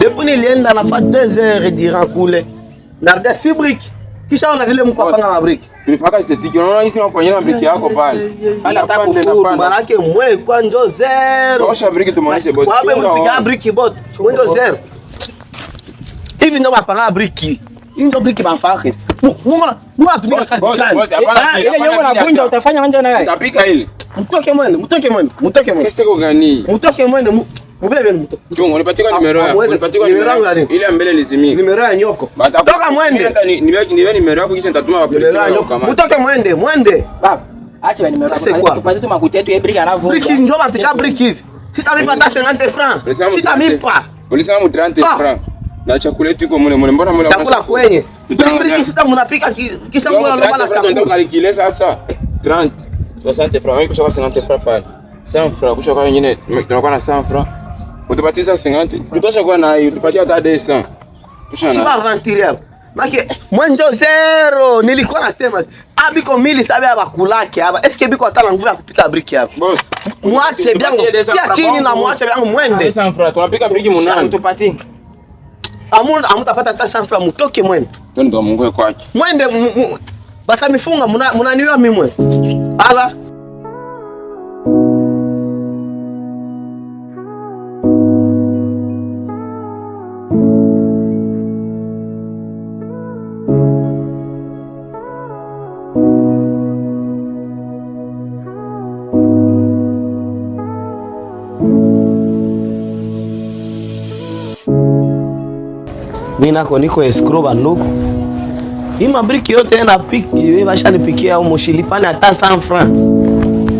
Depuis nilienda nafa 2 heures diran kule narda si briki kisha ona vile mko panga mabriki manake mwe kwa njo zero mpiga briki bot mwe njo zero hivi ndo mapanga briki injo briki mafake unavunja utafanya manja na yeye. Utapika hili. Mtoke mwende, mtoke mwende, mtoke mwende. Kesi kwa gani? Mtoke mwende. Mbele mbele mtoke. Chungu, unipatie nimero yako. Unipatie nimero yangu. Ile mbele lizimika. Nimero ya nyoko. Toka mwende. Nimeweka nimeweka nimero yako kisha nitatuma kwa polisi yako. Mtoke mwende, mwende. Baba. Acha bani nimero yako. Tupate tu makuti yetu ya briki anavunja. Briki njoo matika briki hivi. Sitamipa hata 50 francs. Sitamipa. Polisi wangu 30 francs. Na chakula yetu iko mule mule. Mbona mule chakula kwenye? Mlibiriki sita mnapika kisha mbona lomba na chakula. Ndio kali kile sasa. 30 60 francs, mimi kushoka 50 francs pale. 100 francs kushoka wengine tunakuwa na 100 francs. Utapatiza 50. Tutosha kwa na hiyo, tupatia hata 200. Tusha na. Sima vantiria. Maki mwanjo zero nilikuwa nasema abiko mili sabe aba kulake hapa. Eske biko atala nguvu ya kupika briki hapo Boss. Mwache byangu. sia chini na mwache byangu mwende. 100 francs. Tunapika briki munane. Tupatie amutapata hata sanfra, mutoke mwende, ndo mungue kwake, mwende batamifunga, munaniwa mimwe ala mimi nako niko escroba ndugu. Hii mabriki yote ena piki basha nipikia au mushilipane hata san franc.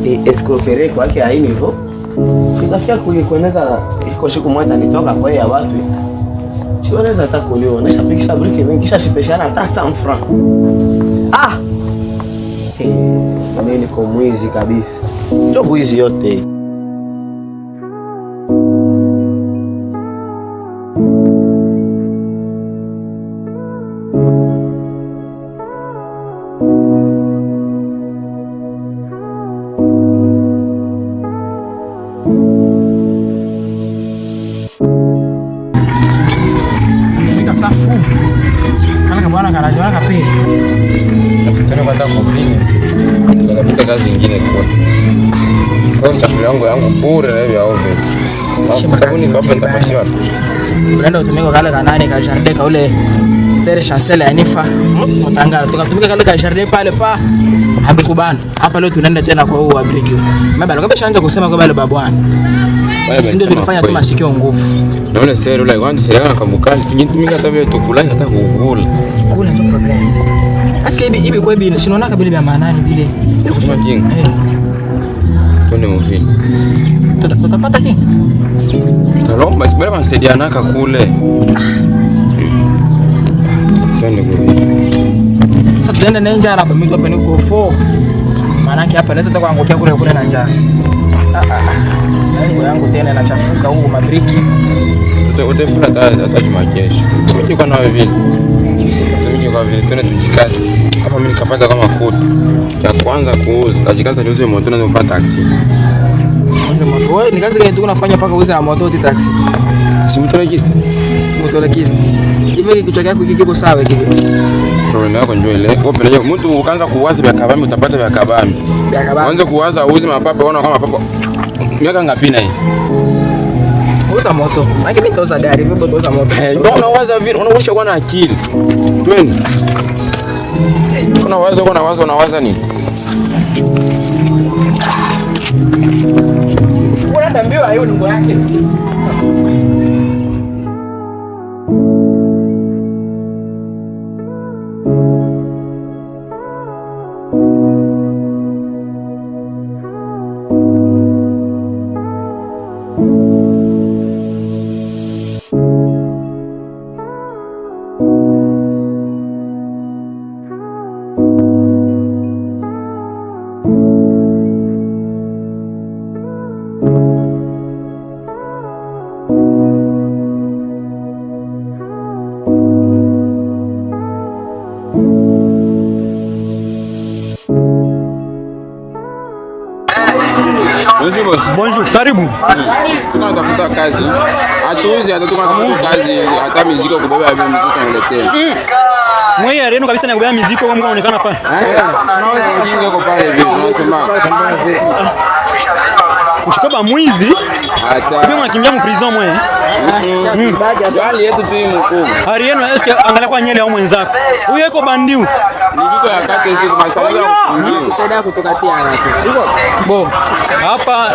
E escroquerie kwa kia hii hivyo. Kitafia kuikoneza iko siku moja nitoka kwa ya watu. Siweza hata kuliona. Pikisha mabriki mimi kisha sipeshana hata san franc. Ah. Hey, mimi niko mwizi kabisa. Ndio mwizi yote. Natafuta kazi nyingine kwa msafiri wangu yangu bure na hivyo ovyo. Sabuni kwa hapa nitapatia wapi? Unaenda utumike kale kanani ka jardin ka ule sere chancele anifa. Mtangazo hmm? tukatumike kale ka jardin pale pa habikubana. Hapa leo tunaenda tena kwa huo abrigio. Mabalo kabla shaanza kusema kwa bale babwana. Ndio vilifanya tu mashikio nguvu. Naona sasa yule kwanza sasa ana kamukali, sijitumika hata vile tukula hata kukula. Kuna tu problem. Asikia hivi hivi kwa hivi sinaona kabili vya maana ni vile. Kusema kinga. Eh. Tuone mvini. Tutapata kinga. Tutalomba sibara msaidia naka kule. Tuende kule. Sasa tuende na njaa hapa mimi hapa niko 4. Maana yake hapa naweza kuangukia kule kule na njaa. Ah ah. ah. Mungu yangu tena inachafuka huko mabriki. Sasa Utafuna hata Jumakesho. Mimi kwa nawe vile. Mimi kwa vile tena tujikaze. Hapa mimi nikapata kama kutu ya kwanza kuuza, najikaza niuze moto na nifanye taxi. Uze moto. Wewe ni kazi gani tu unafanya paka uze na moto ti taxi? Si mtu Mtu Mtolekista. Hivi kichwa chako hiki kiko sawa hivi. Problem yako njoo ile. Wewe pelekea mtu ukaanza kuwaza vya kabambi utapata vya kabambi. Vya kabambi. Uanze kuwaza uzi mapapa unaona kama mapapa Miaka ngapi na hii? Uza moto. Maki mimi toza gari, vipi toza moto? Eh, ndio unawaza vile, unaosha kwa na akili. Twende. Unawaza kwa nawaza, unawaza nini? Unaambiwa hiyo ni yake. Bonjour boss. Bonjour, karibu. Tunatafuta kazi. Atuuzi hata tunatafuta kazi hata miziko kubeba hiyo miziko tunaletea. Mwe ya mm. kabisa na kubeba miziko kama unaonekana pale. Eh? Unaweza kujenga kwa pale hivi. Unasema. Ushikaba mwizi Hali hmm. hmm. yenu eske angalia kwa nyele au mwenzako. Huyo yuko bandiu. Bo, hapa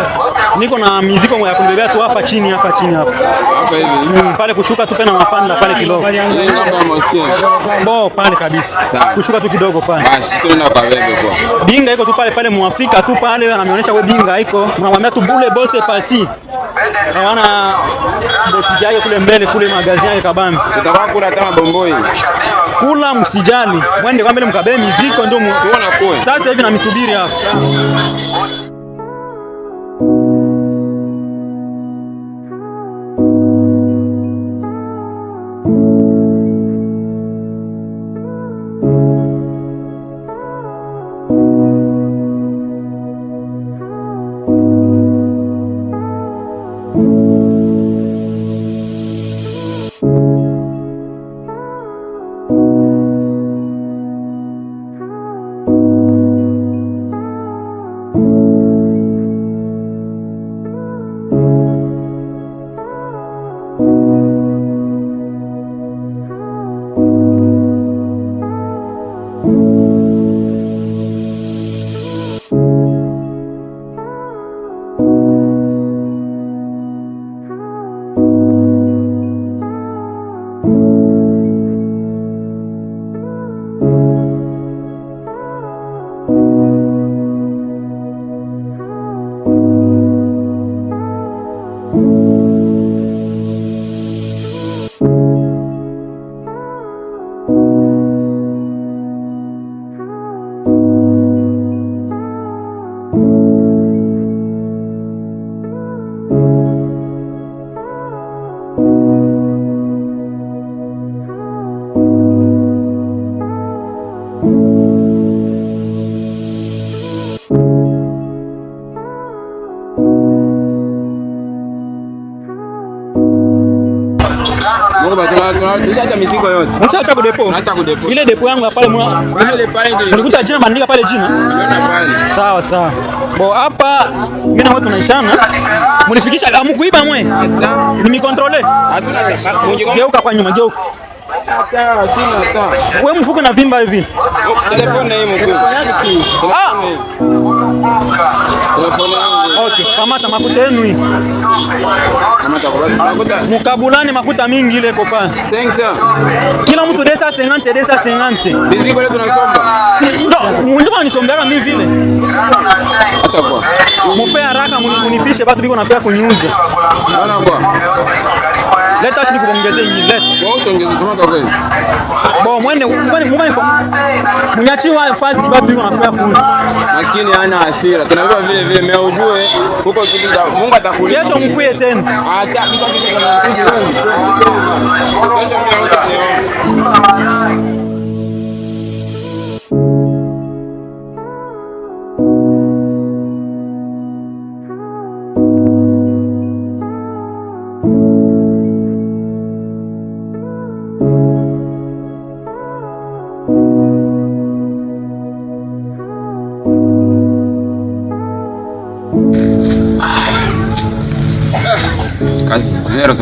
niko na mizigo ya kumbebea tu hapa chini hapa chini hapa. Hapa hivi. Hmm, pale kushuka tu pena mapanda pale kidogo. Bo, pale kabisa. Kushuka tu kidogo pale. Binga iko tu pale pale muafika tu pale anaonyesha wewe binga iko. Mnamwambia tu bule bose pasi. Eh, naona botiki yake kule mbele kule magazini yake kabambi, utakula kama bongoi. kula, msijali mwende kwa mbele mkabebe miziko ndio muone. Sasa hivi misubiri hapo. Nishaacha mizigo yote. Nishaacha ku depo. Naacha ku depo. Ile depo yangu ya pale Nikuta jina bandika pale jina. Sawa sawa. Bo hapa mimi na wewe tunaishana. Munifikisha amu kuiba mwe. Nimikontrole. Geuka kwa nyuma, geuka. Wewe mfuko na vimba hivi. Telefone hiyo mtu. Ah. Okay, kamata makuta yenu mukabulani makuta mingi ile kopa. Kila mtu desa 50 desa 50. Bizi bale tunasomba. Ndio, ndio nisombeaka mimi vile. Acha kwa. Mupe haraka munipishe batu biko napea kunyuza. Bana kwa. Leta shini kupongezea nyingine. Wewe usiongeze kama utakwenda. Bo mwende mwende mwende. Mnyachiwa fasi babu yuko anapea kuuza. Maskini hana hasira. Tunabeba vile vile mimi ujue huko kitu Mungu atakulipa. Kesho mkuye tena. Ah, kesho mimi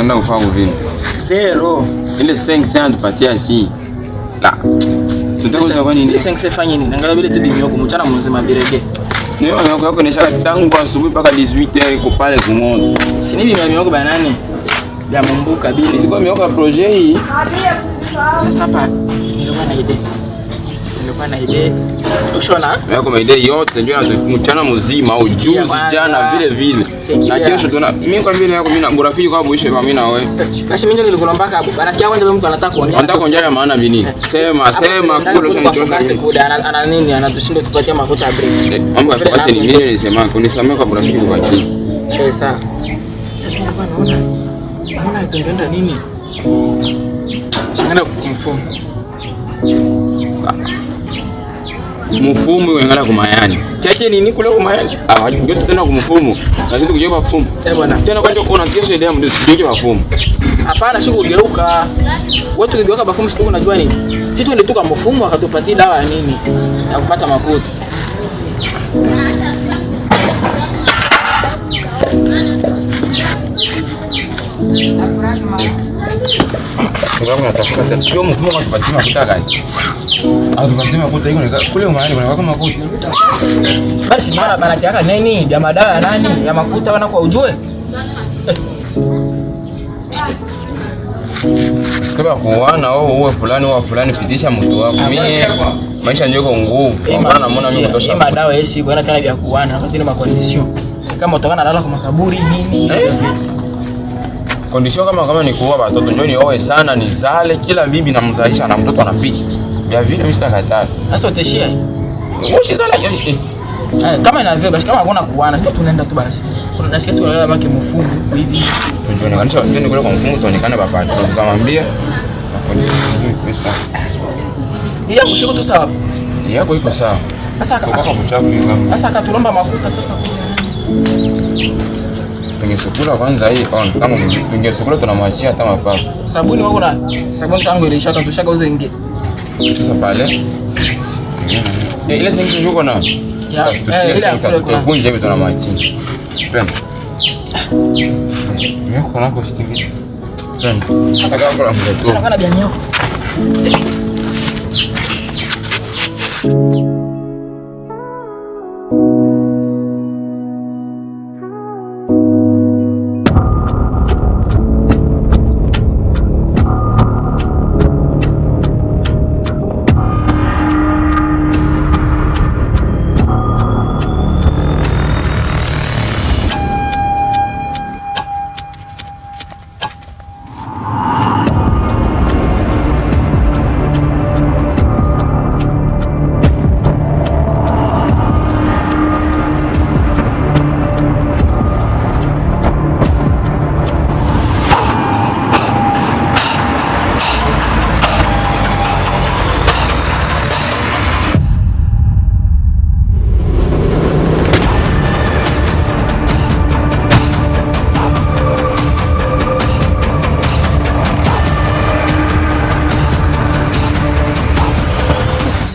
unaenda kufanya vile. Zero. Ile 500 anatupatia si. La. Tutakuza kwa nini? Ile 500 fanya nini? Angalia vile tudimi huko mchana mzima birege. Ni wewe yako yako nisha tangu kwa asubuhi mpaka 18 iko pale kumoto. Si nini mimi yako banani? Ya mumbuka bili. Siko mimi yako project hii. Sasa hapa nilikuwa na idea na idea. Ushona? yote njoo mchana mzima au juzi jana vile vile. Na kesho tuna mimi kwa vile yako mimi na mrafiki kwa mwisho mimi na wewe. Basi mimi ndio nilikulomba hapo. Anasikia kwanza mtu anataka kuongea. Anataka kuongea ya maana nini? Eh. Sema sema kule ushanichosha. Ana nini? Anatushinda tupatie makuta ya break. Eh, mambo ya basi ni mimi nilisema kunisamea kwa mrafiki kwa chini. Eh, sawa. Sasa nilikuwa naona naona tungeenda nini? Ngana kumfumu. Ah mufumu wengana kumayani chache nini kule kumayani ah wajibu awajote tena kumufumu nazidi kujopa fumu eh, tena kwanja kuna kesho ile mdu sijoje bafumu hapana siku geuka watu kwa bafumu sikuwa unajua nini sisi tu ndio mufumu akatupatia dawa ya nini ya kupata makuta Ndio mfumo kwa kupatia makuta gani? Basi mara baraka yaka nini ya madawa ya nani ya makuta wana kwa ujue kwa kuwana au uwe fulani au fulani, pitisha mtu wako. Ah, mimi maisha ndio kwa nguvu, eh, maana naona mimi eh, natosha. Mimi eh, madawa yesi bwana kana vya kuwana sasa, ni makondisio kama utawana lala kwa makaburi nini kondisio kama kama ni kuua watoto, njoo nioe sana nizale, kila bibi namzalisha na mtoto anapita vya vile mimi sitakataa. Sasa utaishia hivi. Ngoshi sana kama inavyo basi, kama hakuna kuana tu tunaenda tu basi. Unasikia siku unalala maki mfungu hivi. Tujionekanisha wengine kule kwa mfungu tuonekane baba. Tukamwambia pesa. Iya kushiku tu sawa. Iya kwa iko sawa. Sasa kaka kuchafu hizo. Sasa akatulomba makuta sasa kule. Kwenye sukula kwanza hii on oh, kama kwenye sukula tunamwachia hata mapapa. Sabuni wako na sabuni tangu ilisha tushaka uze nge. Sasa pale ile sengi yuko na kunja eh, hivi tuna machi Thank you.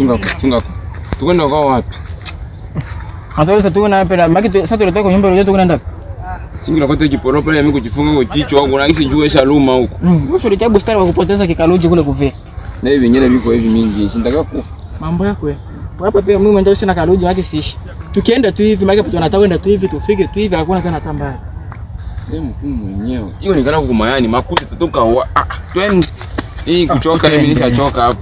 kuchunga kuchunga. Tukwenda kwa wapi? Hatuweza tu na hapa maki sasa tulitoka nyumba yetu kwenda. Singi la kote kiporo pale mimi kujifunga kwa kichwa huko na hisi jua shaluma huko. Mm. Wewe sio litabu stari wa kupoteza kikaluji kule kuvia. Na hivi nyingine viko hivi mingi. Sindaka ku. Mambo yako wewe. Hapa pia mimi mwenyewe sina kaluji hadi siishi. Tukienda tu hivi maki tunatakwenda tu hivi tufike tu hivi hakuna tena tambaya. Sehemu fumu mwenyewe. Hiyo ni kana kukumayani makuti tutoka. Ah, twende. Hii kuchoka mimi nishachoka hapo.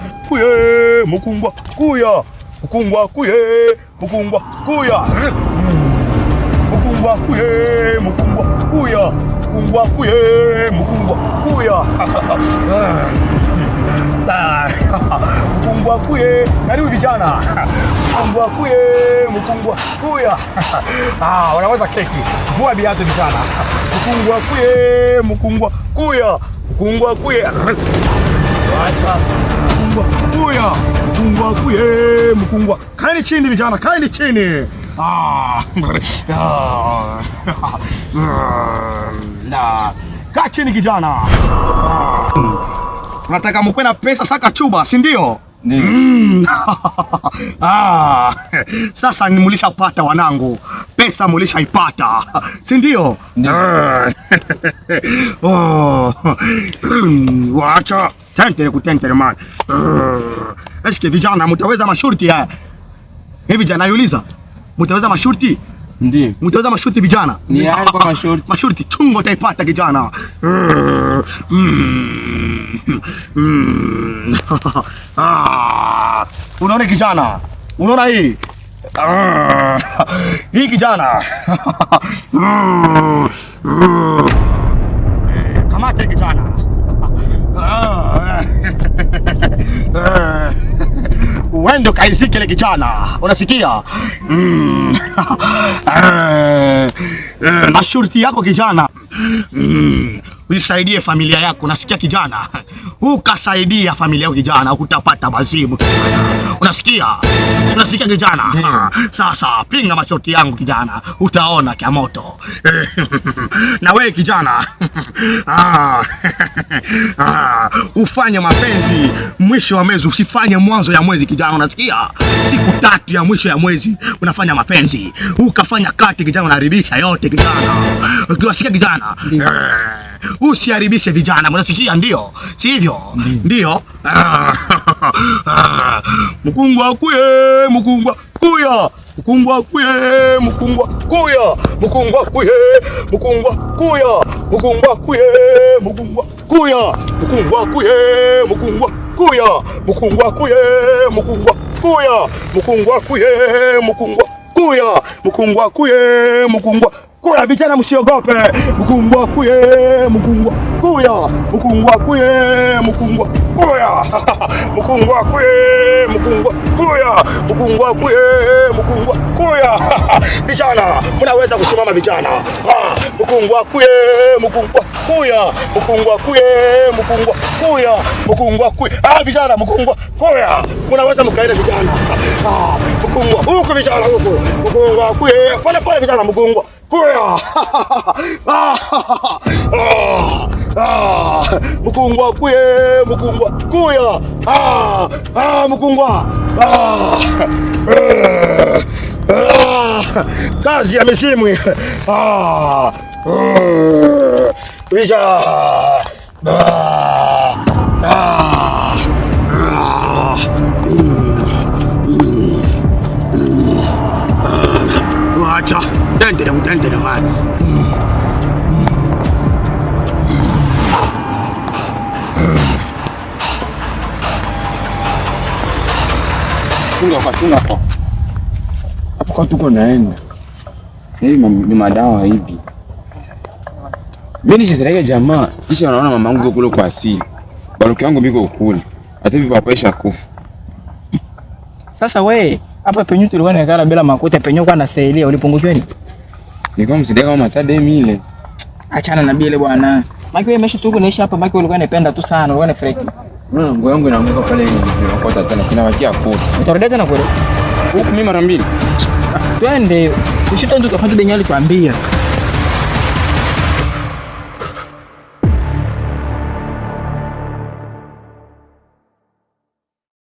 kuye mukungwa kuya mukungwa kuye mukungwa kuya mukungwa kuye mukungwa kuya mukungwa kuye mukungwa kuya mukungwa kuye, karibu vijana. mukungwa kuye, mukungwa kuya. Ah, wanaweza keki. Vua viatu vijana. mukungwa kuye, mukungwa kuya, mukungwa kuye mkungwa Uya mkungwa kuye, mkungwa. Kaeni chini vijana, kaeni chini. Ah, ah, ah, Kaa chini kijana. Ah, unataka ah, mkwe na pesa saka chuba, si ndio? Mm. Ah, sasa nimulishapata wanangu, pesa mulishaipata, si ndio? Oh. Wacha tentere kutentele mali. Uh, eske vijana mutaweza mashurti haya? Hivi vijana yuliza mutaweza mashurti? Ndiyo. Mutaweza mashurti vijana? Ni haya yaani kwa mashurti. Mashurti chungo taipata kijana. Uh, mm, mm. Ah, unaona kijana? Unaona hii? Ah, hii kijana. Uh, eh, Kamata kijana. Ah. Eh. uende ukaizike ile kijana, unasikia? mashurti na shurti yako kijana mm uisaidie familia yako. unasikia kijana, ukasaidia familia yako kijana, utapata mazimu. Unasikia? Unasikia kijana? Sasa pinga machoti yangu kijana, utaona kia moto na we kijana ah. Ah. Ufanye mapenzi mwisho wa mwezi, usifanye mwanzo ya mwezi kijana, unasikia? Siku tatu ya mwisho ya mwezi unafanya mapenzi, ukafanya kati kijana, unaharibisha yote kijana, unasikia kijana? usiharibishe vijana, mnasikia? Ndio, sivyo? Ndio. Mkungwa kuye, mkungwa kuya, mkungwa kuye, mkungwa kuya, mkungwa kuye, mkungwa kuya, mkungwa kuye, mkungwa kuya, mkungwa kuye, mkungwa kuya, mkungwa kuye, mkungwa kuya, mkungwa kuye, mkungwa kuya, mkungwa kuye, mkungwa Kuya vijana, msiogope mkungwa kuye mkungwa kuya mkungwa kuye mkungwa kuya mkungwa kuye mkungwa kuya mkungwa kuye mkungwa kuya. Vijana mnaweza kusimama vijana, mkungwa kuye mkungwa kuya mkungwa kuye mkungwa kuya mkungwa kuye. Ah, vijana mkungwa kuya mnaweza mkaenda vijana, mkungwa huko vijana huko mkungwa kuye pale pale vijana mkungwa Ah! Ah! Ah! mukungwa kuye mukungwa kuya mukungwa eh! kazi ya mishimwi isha gudandira gudandira mani chunga kwa chunga kwa hapo kwa tuko naenda hii ni madawa hivi mimi nishaziraga jamaa kisha wanaona mamangu kule kwa asili baruki yangu miko kule hata hivi papa isha kufa sasa we hapa penyu tulikuwa nakala bila makuta penyu kwa nasailia ulipunguzweni Nilikuwa msaidia kama matade mile. Achana na bile bwana. Maki wewe maisha tuko naisha hapa, Maki ulikuwa unapenda tu sana, ulikuwa unafreki. Mimi ngo yangu inaanguka pale hivi. inaokota tena kuna wakia hapo. Utarudi tena kweli? Huko mimi mara mbili. Twende. Usitoende ukafanye benyali tuambia.